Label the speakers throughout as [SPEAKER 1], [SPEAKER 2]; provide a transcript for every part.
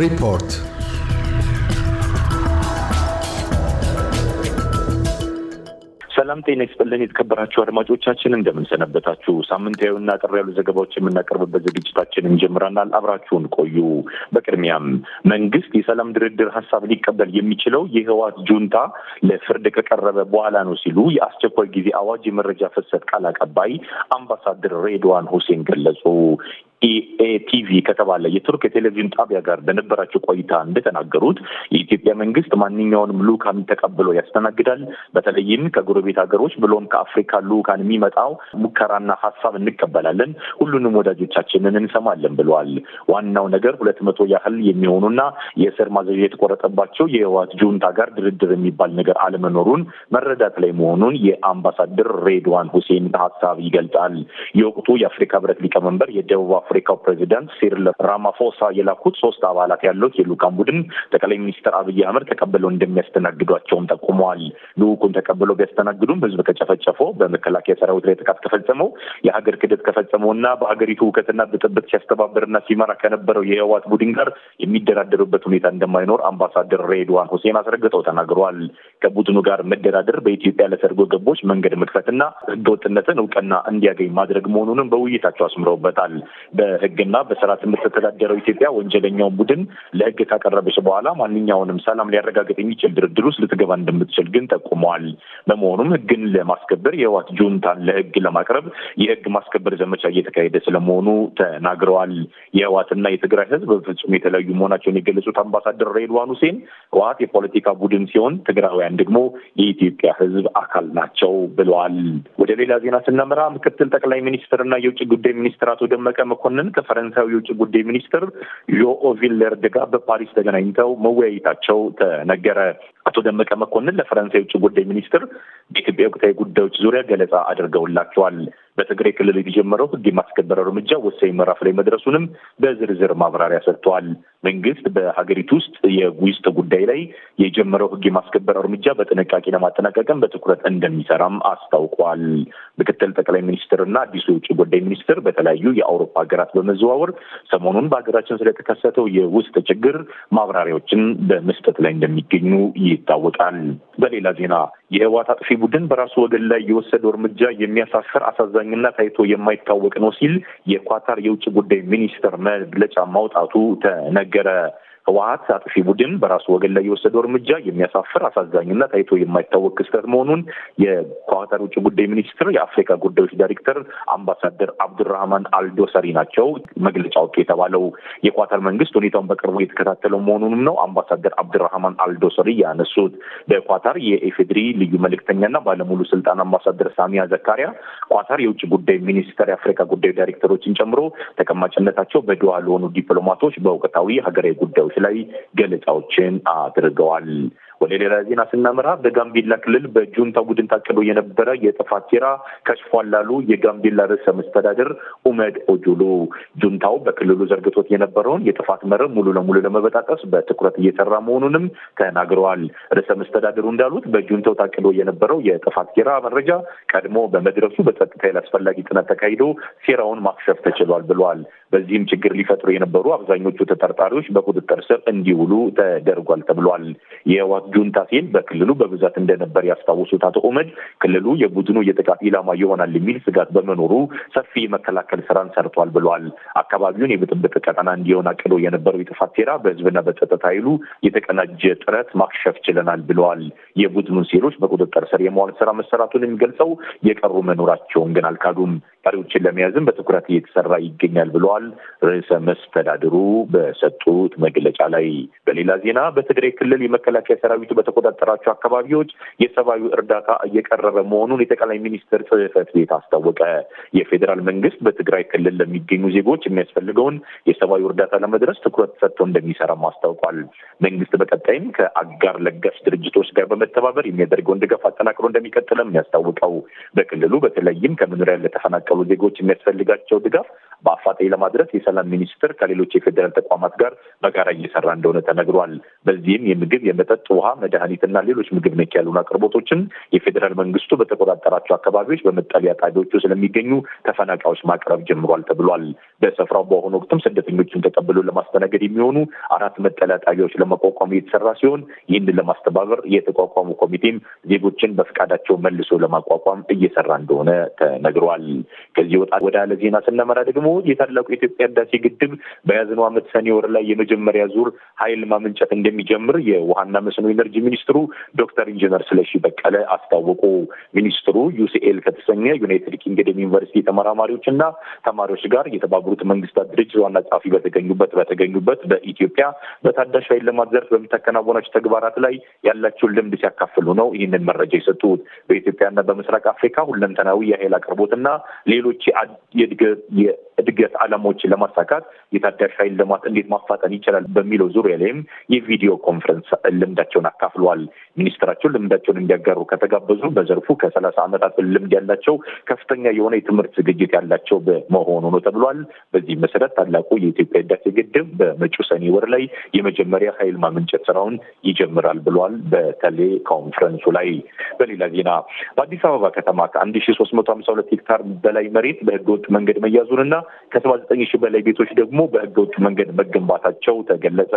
[SPEAKER 1] ሪፖርት ሰላም ጤና ይስጥልን። የተከበራችሁ አድማጮቻችን እንደምንሰነበታችሁ። ሳምንታዊና አጠር ያሉ ዘገባዎች የምናቀርብበት ዝግጅታችን ጀምረናል። አብራችሁን ቆዩ። በቅድሚያም መንግስት የሰላም ድርድር ሀሳብ ሊቀበል የሚችለው የህዋት ጁንታ ለፍርድ ከቀረበ በኋላ ነው ሲሉ የአስቸኳይ ጊዜ አዋጅ የመረጃ ፍሰት ቃል አቀባይ አምባሳደር ሬድዋን ሁሴን ገለጹ። ኢኤቲቪ ከተባለ የቱርክ የቴሌቪዥን ጣቢያ ጋር በነበራቸው ቆይታ እንደተናገሩት የኢትዮጵያ መንግስት ማንኛውንም ልኡካን ተቀብሎ ያስተናግዳል። በተለይም ከጎረቤት ሀገሮች ብሎም ከአፍሪካ ልኡካን የሚመጣው ሙከራና ሀሳብ እንቀበላለን፣ ሁሉንም ወዳጆቻችንን እንሰማለን ብለዋል። ዋናው ነገር ሁለት መቶ ያህል የሚሆኑና የእስር ማዘዣ የተቆረጠባቸው የህወሓት ጁንታ ጋር ድርድር የሚባል ነገር አለመኖሩን መረዳት ላይ መሆኑን የአምባሳደር ሬድዋን ሁሴን ሀሳብ ይገልጣል። የወቅቱ የአፍሪካ ህብረት ሊቀመንበር የደቡብ አፍሪካው ፕሬዚዳንት ሲሪል ራማፎሳ የላኩት ሶስት አባላት ያሉት የልዑካን ቡድን ጠቅላይ ሚኒስትር አብይ አህመድ ተቀብለው እንደሚያስተናግዷቸውም ጠቁመዋል። ልዑኩን ተቀብለው ቢያስተናግዱም ህዝብ ከጨፈጨፈው፣ በመከላከያ ሰራዊት ላይ ጥቃት ከፈጸመው፣ የሀገር ክደት ከፈጸመው እና በሀገሪቱ ውከትና ብጥብጥ ሲያስተባብርና ሲመራ ከነበረው የህወሓት ቡድን ጋር የሚደራደሩበት ሁኔታ እንደማይኖር አምባሳደር ሬድዋን ሁሴን አስረግጠው ተናግረዋል። ከቡድኑ ጋር መደራደር በኢትዮጵያ ለሰርጎ ገቦች መንገድ መክፈትና ህገወጥነትን እውቅና እንዲያገኝ ማድረግ መሆኑንም በውይይታቸው አስምረውበታል። በህግና በስርዓት የምትተዳደረው ኢትዮጵያ ወንጀለኛውን ቡድን ለህግ ካቀረበች በኋላ ማንኛውንም ሰላም ሊያረጋግጥ የሚችል ድርድር ውስጥ ልትገባ እንደምትችል ግን ጠቁመዋል። በመሆኑም ህግን ለማስከበር የህዋት ጁንታን ለህግ ለማቅረብ የህግ ማስከበር ዘመቻ እየተካሄደ ስለመሆኑ ተናግረዋል። የህዋትና የትግራይ ህዝብ በፍጹም የተለያዩ መሆናቸውን የገለጹት አምባሳደር ሬድዋን ሁሴን ህወሓት የፖለቲካ ቡድን ሲሆን ትግራውያን ኢትዮጵያውያን ደግሞ የኢትዮጵያ ሕዝብ አካል ናቸው ብለዋል። ወደ ሌላ ዜና ስናመራ ምክትል ጠቅላይ ሚኒስትርና የውጭ ጉዳይ ሚኒስትር አቶ ደመቀ መኮንን ከፈረንሳዊ የውጭ ጉዳይ ሚኒስትር ዦኦቪን ለርድ ጋር በፓሪስ ተገናኝተው መወያየታቸው ተነገረ። አቶ ደመቀ መኮንን ለፈረንሳይ የውጭ ጉዳይ ሚኒስትር በኢትዮጵያ ወቅታዊ ጉዳዮች ዙሪያ ገለጻ አድርገውላቸዋል። በትግራይ ክልል የተጀመረው ህግ የማስከበር እርምጃ ወሳኝ ምዕራፍ ላይ መድረሱንም በዝርዝር ማብራሪያ ሰጥተዋል። መንግስት በሀገሪቱ ውስጥ የውስጥ ጉዳይ ላይ የጀመረው ህግ የማስከበር እርምጃ በጥንቃቄ ለማጠናቀቅም በትኩረት እንደሚሰራም አስታውቋል። ምክትል ጠቅላይ ሚኒስትርና አዲሱ የውጭ ጉዳይ ሚኒስትር በተለያዩ የአውሮፓ ሀገራት በመዘዋወር ሰሞኑን በሀገራችን ስለተከሰተው የውስጥ ችግር ማብራሪያዎችን በመስጠት ላይ እንደሚገኙ ይታወቃል። በሌላ ዜና የህወሓት አጥፊ ቡድን በራሱ ወገን ላይ የወሰደው እርምጃ የሚያሳፍር አሳዛኝና ታይቶ የማይታወቅ ነው ሲል የኳታር የውጭ ጉዳይ ሚኒስትር መግለጫ ማውጣቱ ተነገ get a ህወሀት አጥፊ ቡድን በራሱ ወገን ላይ የወሰደው እርምጃ የሚያሳፍር አሳዛኝና ታይቶ የማይታወቅ ክስተት መሆኑን የኳታር ውጭ ጉዳይ ሚኒስትር የአፍሪካ ጉዳዮች ዳይሬክተር አምባሳደር አብዱራህማን አልዶሰሪ ናቸው መግለጫ ወጡ የተባለው። የኳታር መንግስት ሁኔታውን በቅርቡ የተከታተለው መሆኑንም ነው አምባሳደር አብዱራህማን አልዶሰሪ ያነሱት። በኳታር የኢፌድሪ ልዩ መልእክተኛና ባለሙሉ ስልጣን አምባሳደር ሳሚያ ዘካሪያ ኳታር የውጭ ጉዳይ ሚኒስትር የአፍሪካ ጉዳዮች ዳይሬክተሮችን ጨምሮ ተቀማጭነታቸው በድዋ ለሆኑ ዲፕሎማቶች በወቅታዊ ሀገራዊ ጉዳዮች ጉዳዮች ላይ ገለጻዎችን አድርገዋል። ወደ ሌላ ዜና ስናመራ በጋምቤላ ክልል በጁንታ ቡድን ታቅዶ የነበረ የጥፋት ሴራ ከሽፏል ላሉ የጋምቤላ ርዕሰ መስተዳድር ኡመድ ኦጁሉ ጁንታው በክልሉ ዘርግቶት የነበረውን የጥፋት መረብ ሙሉ ለሙሉ ለመበጣጠስ በትኩረት እየሰራ መሆኑንም ተናግረዋል። ርዕሰ መስተዳድሩ እንዳሉት በጁንታው ታቅዶ የነበረው የጥፋት ሴራ መረጃ ቀድሞ በመድረሱ በጸጥታ ኃይል አስፈላጊ ጥናት ተካሂዶ ሴራውን ማክሸፍ ተችሏል ብለዋል። በዚህም ችግር ሊፈጥሩ የነበሩ አብዛኞቹ ተጠርጣሪዎች በቁጥጥር ስር እንዲውሉ ተደርጓል ተብሏል። የህወሓት ጁንታ ሴል በክልሉ በብዛት እንደነበር ያስታውሱት አቶ ኦመድ ክልሉ የቡድኑ የጥቃት ኢላማ ይሆናል የሚል ስጋት በመኖሩ ሰፊ የመከላከል ስራን ሰርቷል ብለዋል። አካባቢውን የብጥብጥ ቀጠና እንዲሆን አቅዶ የነበረው የጥፋት ሴራ በህዝብና በጸጥታ ኃይሉ የተቀናጀ ጥረት ማክሸፍ ችለናል ብለዋል። የቡድኑን ሴሎች በቁጥጥር ስር የመዋል ስራ መሰራቱን የሚገልጸው የቀሩ መኖራቸውን ግን አልካዱም። ተጠርጣሪዎችን ለመያዝም በትኩረት እየተሰራ ይገኛል ብለዋል። ርዕሰ መስተዳድሩ በሰጡት መግለጫ ላይ። በሌላ ዜና በትግራይ ክልል የመከላከያ ሰራዊቱ በተቆጣጠራቸው አካባቢዎች የሰብአዊ እርዳታ እየቀረበ መሆኑን የጠቅላይ ሚኒስትር ጽህፈት ቤት አስታወቀ። የፌዴራል መንግስት በትግራይ ክልል ለሚገኙ ዜጎች የሚያስፈልገውን የሰብአዊ እርዳታ ለመድረስ ትኩረት ሰጥቶ እንደሚሰራም አስታውቋል። መንግስት በቀጣይም ከአጋር ለጋሽ ድርጅቶች ጋር በመተባበር የሚያደርገውን ድጋፍ አጠናክሮ እንደሚቀጥለም ያስታውቀው በክልሉ በተለይም ከመኖሪያ ለተፈናቀ ለተፈናቀሉ ዜጎች የሚያስፈልጋቸው ድጋፍ በአፋጣኝ ለማድረስ የሰላም ሚኒስቴር ከሌሎች የፌዴራል ተቋማት ጋር በጋራ እየሰራ እንደሆነ ተነግሯል። በዚህም የምግብ፣ የመጠጥ ውሃ፣ መድኃኒትና ሌሎች ምግብ ነክ ያሉን አቅርቦቶችን የፌዴራል መንግስቱ በተቆጣጠራቸው አካባቢዎች በመጠለያ ጣቢያዎቹ ስለሚገኙ ተፈናቃዮች ማቅረብ ጀምሯል ተብሏል። በስፍራው በአሁኑ ወቅትም ስደተኞችን ተቀብሎ ለማስተናገድ የሚሆኑ አራት መጠለያ ጣቢያዎች ለመቋቋም እየተሰራ ሲሆን ይህንን ለማስተባበር የተቋቋሙ ኮሚቴም ዜጎችን በፍቃዳቸው መልሶ ለማቋቋም እየሰራ እንደሆነ ተነግሯል። ከዚህ ወጣ ወደ አለ ዜና ስናመራ ደግሞ የታላቁ የኢትዮጵያ ህዳሴ ግድብ በያዝነው ዓመት ሰኔ ወር ላይ የመጀመሪያ ዙር ኃይል ማመንጨት እንደሚጀምር የውሃና መስኖ ኢነርጂ ሚኒስትሩ ዶክተር ኢንጂነር ስለሺ በቀለ አስታወቁ። ሚኒስትሩ ዩሲኤል ከተሰኘ ዩናይትድ ኪንግደም ዩኒቨርሲቲ እና ተማሪዎች ጋር የተባበሩት መንግስታት ድርጅት ዋና ጸሐፊ በተገኙበት በተገኙበት በኢትዮጵያ በታዳሽ ኃይል ልማት ዘርፍ ተግባራት ላይ ያላቸውን ልምድ ሲያካፍሉ ነው ይህንን መረጃ የሰጡት። በኢትዮጵያና በምስራቅ አፍሪካ ሁለንተናዊ የኃይል አቅርቦትና ሌሎች የእድገ እድገት ዓላማዎችን ለማሳካት የታዳሽ ኃይል ልማት እንዴት ማፋጠን ይቻላል በሚለው ዙሪያ ላይም የቪዲዮ ኮንፈረንስ ልምዳቸውን አካፍለዋል። ሚኒስትራቸው ልምዳቸውን እንዲያጋሩ ከተጋበዙ በዘርፉ ከሰላሳ ዓመታት ልምድ ያላቸው ከፍተኛ የሆነ የትምህርት ዝግጅት ያላቸው በመሆኑ ነው ተብሏል። በዚህ መሰረት ታላቁ የኢትዮጵያ ህዳሴ ግድብ በመጪው ሰኔ ወር ላይ የመጀመሪያ ኃይል ማመንጨት ስራውን ይጀምራል ብሏል። በቴሌ ኮንፈረንሱ ላይ በሌላ ዜና በአዲስ አበባ ከተማ ከአንድ ሺ ሶስት መቶ ሀምሳ ሁለት ሄክታር በላይ መሬት በህገወጥ መንገድ መያዙንና ከሰባ ዘጠኝ ሺህ በላይ ቤቶች ደግሞ በህገ መንገድ መገንባታቸው ተገለጸ።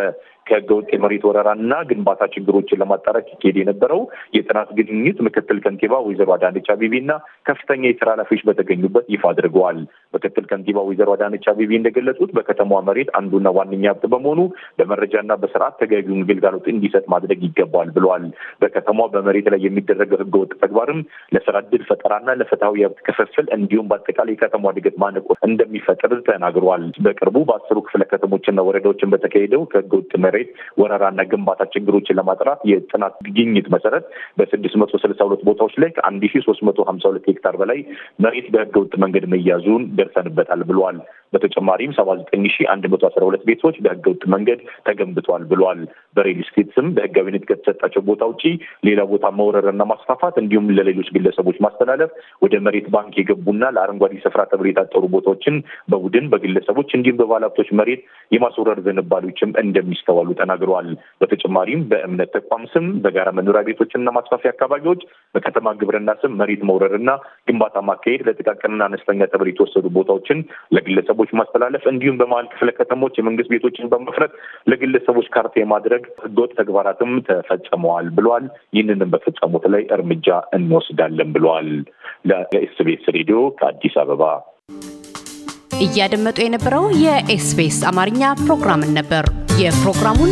[SPEAKER 1] ከህገወጥ የመሬት ወረራና ግንባታ ችግሮችን ለማጣራት ይካሄድ የነበረው የጥናት ግንኙት ምክትል ከንቲባ ወይዘሮ አዳነች አቤቤና ከፍተኛ የስራ ኃላፊዎች በተገኙበት ይፋ አድርገዋል። ምክትል ከንቲባ ወይዘሮ አዳነች አቤቤ እንደገለጹት በከተማዋ መሬት አንዱና ዋነኛ ሀብት በመሆኑ በመረጃና በስርዓት ተገቢውን ግልጋሎት እንዲሰጥ ማድረግ ይገባል ብለዋል። በከተማዋ በመሬት ላይ የሚደረገው ህገወጥ ተግባርም ለስራ እድል ፈጠራና ለፍትሐዊ የሀብት ክፍፍል እንዲሁም በአጠቃላይ የከተማ እድገት ማነቆ እንደሚፈጥር ተናግሯል። በቅርቡ በአስሩ ክፍለ ከተሞችና ወረዳዎችን በተካሄደው ከህገወጥ የመሬት ወረራና ግንባታ ችግሮችን ለማጥራት የጥናት ግኝት መሰረት በስድስት መቶ ስልሳ ሁለት ቦታዎች ላይ ከአንድ ሺ ሶስት መቶ ሀምሳ ሁለት ሄክታር በላይ መሬት በህገ ወጥ መንገድ መያዙን ደርሰንበታል ብለዋል። በተጨማሪም ሰባ ዘጠኝ ሺ አንድ መቶ አስራ ሁለት ቤቶች በህገ መንገድ ተገንብቷል ብሏል። በሬል ስቴት ስም በህጋዊነት ከተሰጣቸው ቦታ ውጪ ሌላ ቦታ መውረርና ማስፋፋት እንዲሁም ለሌሎች ግለሰቦች ማስተላለፍ ወደ መሬት ባንክ የገቡና ለአረንጓዴ ስፍራ ተብሎ የታጠሩ ቦታዎችን በቡድን በግለሰቦች እንዲሁም በባለሀብቶች መሬት የማስወረር ዝንባሌዎችም እንደሚስተዋሉ ተናግረዋል። በተጨማሪም በእምነት ተቋም ስም በጋራ መኖሪያ ቤቶችና ማስፋፊያ አካባቢዎች በከተማ ግብርና ስም መሬት መውረርና ግንባታ ማካሄድ ለጥቃቅንና አነስተኛ ተብሎ የተወሰዱ ቦታዎችን ለግለሰ ለግለሰቦች ማስተላለፍ እንዲሁም በመሀል ክፍለ ከተሞች የመንግስት ቤቶችን በመፍረት ለግለሰቦች ካርታ የማድረግ ህገወጥ ተግባራትም ተፈጽመዋል ብለዋል። ይህንንም በፈጸሙት ላይ እርምጃ እንወስዳለን ብለዋል። ለኤስቤስ ሬዲዮ ከአዲስ አበባ እያደመጡ የነበረው የኤስቤስ አማርኛ ፕሮግራምን ነበር። የፕሮግራሙን